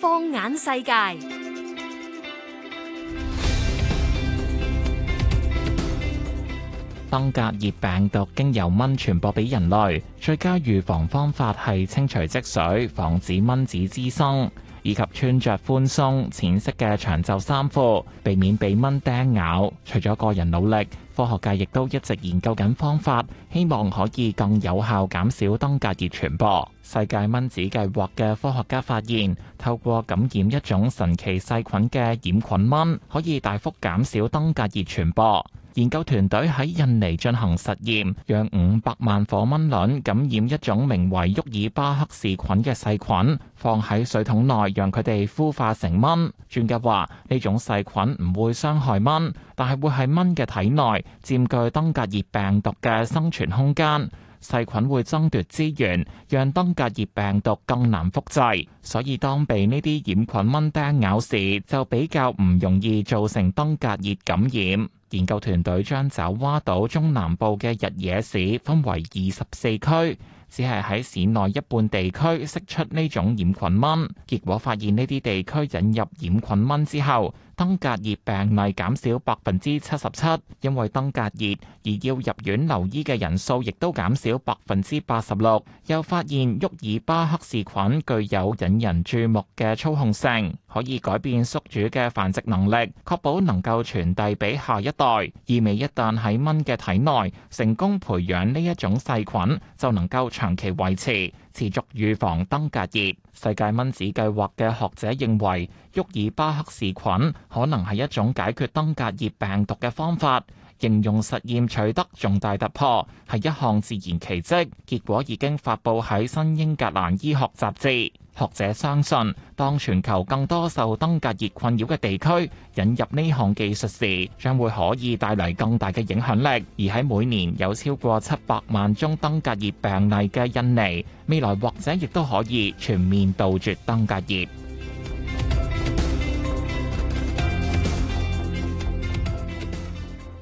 放眼世界，登革熱病毒經由蚊傳播俾人類。最佳預防方法係清除積水，防止蚊子滋生，以及穿着寬鬆、淺色嘅長袖衫褲，避免被蚊叮咬。除咗個人努力。科學界亦都一直研究緊方法，希望可以更有效減少登革熱傳播。世界蚊子計劃嘅科學家發現，透過感染一種神奇細菌嘅染菌蚊，可以大幅減少登革熱傳播。研究團隊喺印尼進行實驗，讓五百萬顆蚊卵感染一種名為沃爾巴克氏菌嘅細菌，放喺水桶內，讓佢哋孵化成蚊。專家話，呢種細菌唔會傷害蚊，但係會喺蚊嘅體內佔據登革熱病毒嘅生存空間。細菌會爭奪資源，讓登革熱病毒更難複製，所以當被呢啲染菌蚊叮咬時，就比較唔容易造成登革熱感染。研究團隊將爪哇島中南部嘅日惹市分為二十四區。只係喺市內一半地區釋出呢種染菌蚊，結果發現呢啲地區引入染菌蚊之後，登革熱病例減少百分之七十七，因為登革熱而要入院留醫嘅人數亦都減少百分之八十六。又發現沃爾巴克氏菌具有引人注目嘅操控性，可以改變宿主嘅繁殖能力，確保能夠傳遞俾下一代。意味一旦喺蚊嘅體內成功培養呢一種細菌，就能夠。長期維持，持續預防登革熱。世界蚊子計劃嘅學者認為，沃爾巴克氏菌可能係一種解決登革熱病毒嘅方法。應用實驗取得重大突破，係一項自然奇蹟。結果已經發布喺《新英格蘭醫學雜誌》。學者相信，當全球更多受登革熱困擾嘅地區引入呢項技術時，將會可以帶嚟更大嘅影響力。而喺每年有超過七百萬宗登革熱病例嘅印尼，未來或者亦都可以全面杜絕登革熱。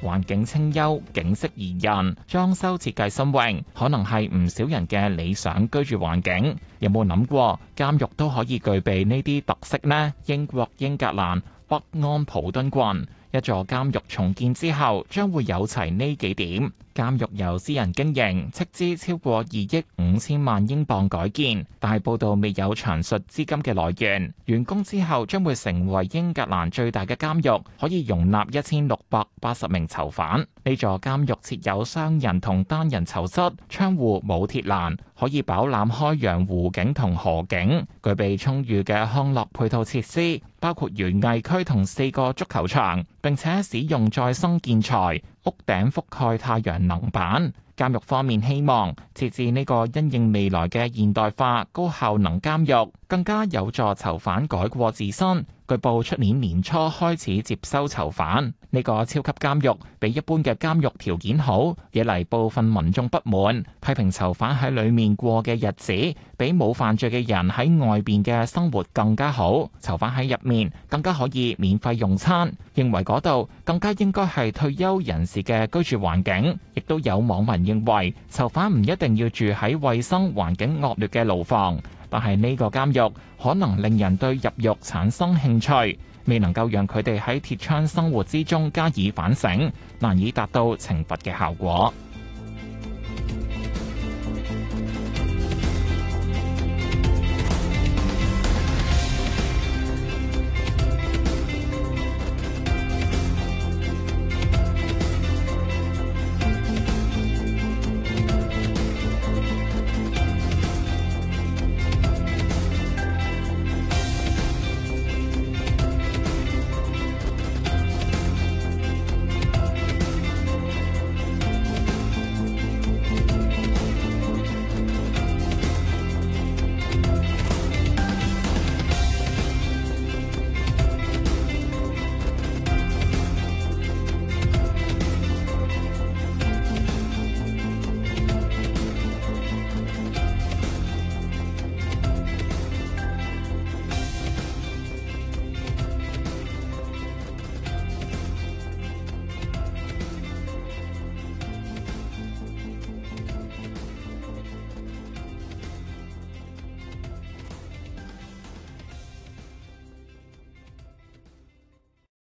環境清幽、景色宜人、裝修設計新穎，可能係唔少人嘅理想居住環境。有冇諗過監獄都可以具備呢啲特色呢？英國英格蘭北安普敦郡一座監獄重建之後，將會有齊呢幾點。監獄由私人經營，斥資超過二億五千萬英鎊改建，但係報道未有詳述資金嘅來源。完工之後將會成為英格蘭最大嘅監獄，可以容納一千六百八十名囚犯。呢座監獄設有雙人同單人囚室，窗戶冇鐵欄，可以飽覽開揚湖景同河景，具備充裕嘅康樂配套設施，包括園藝區同四個足球場，並且使用再生建材。屋頂覆蓋太陽能板，監獄方面希望設置呢個因應未來嘅現代化高效能監獄。更加有助囚犯改過自新，據報出年年初開始接收囚犯，呢個超級監獄比一般嘅監獄條件好，惹嚟部分民眾不滿，批評囚犯喺裏面過嘅日子比冇犯罪嘅人喺外邊嘅生活更加好。囚犯喺入面更加可以免費用餐，認為嗰度更加應該，係退休人士嘅居住環境。亦都有網民認為囚犯唔一定要住喺衛生環境惡劣嘅牢房。但係呢個監獄可能令人對入獄產生興趣，未能夠讓佢哋喺鐵窗生活之中加以反省，難以達到懲罰嘅效果。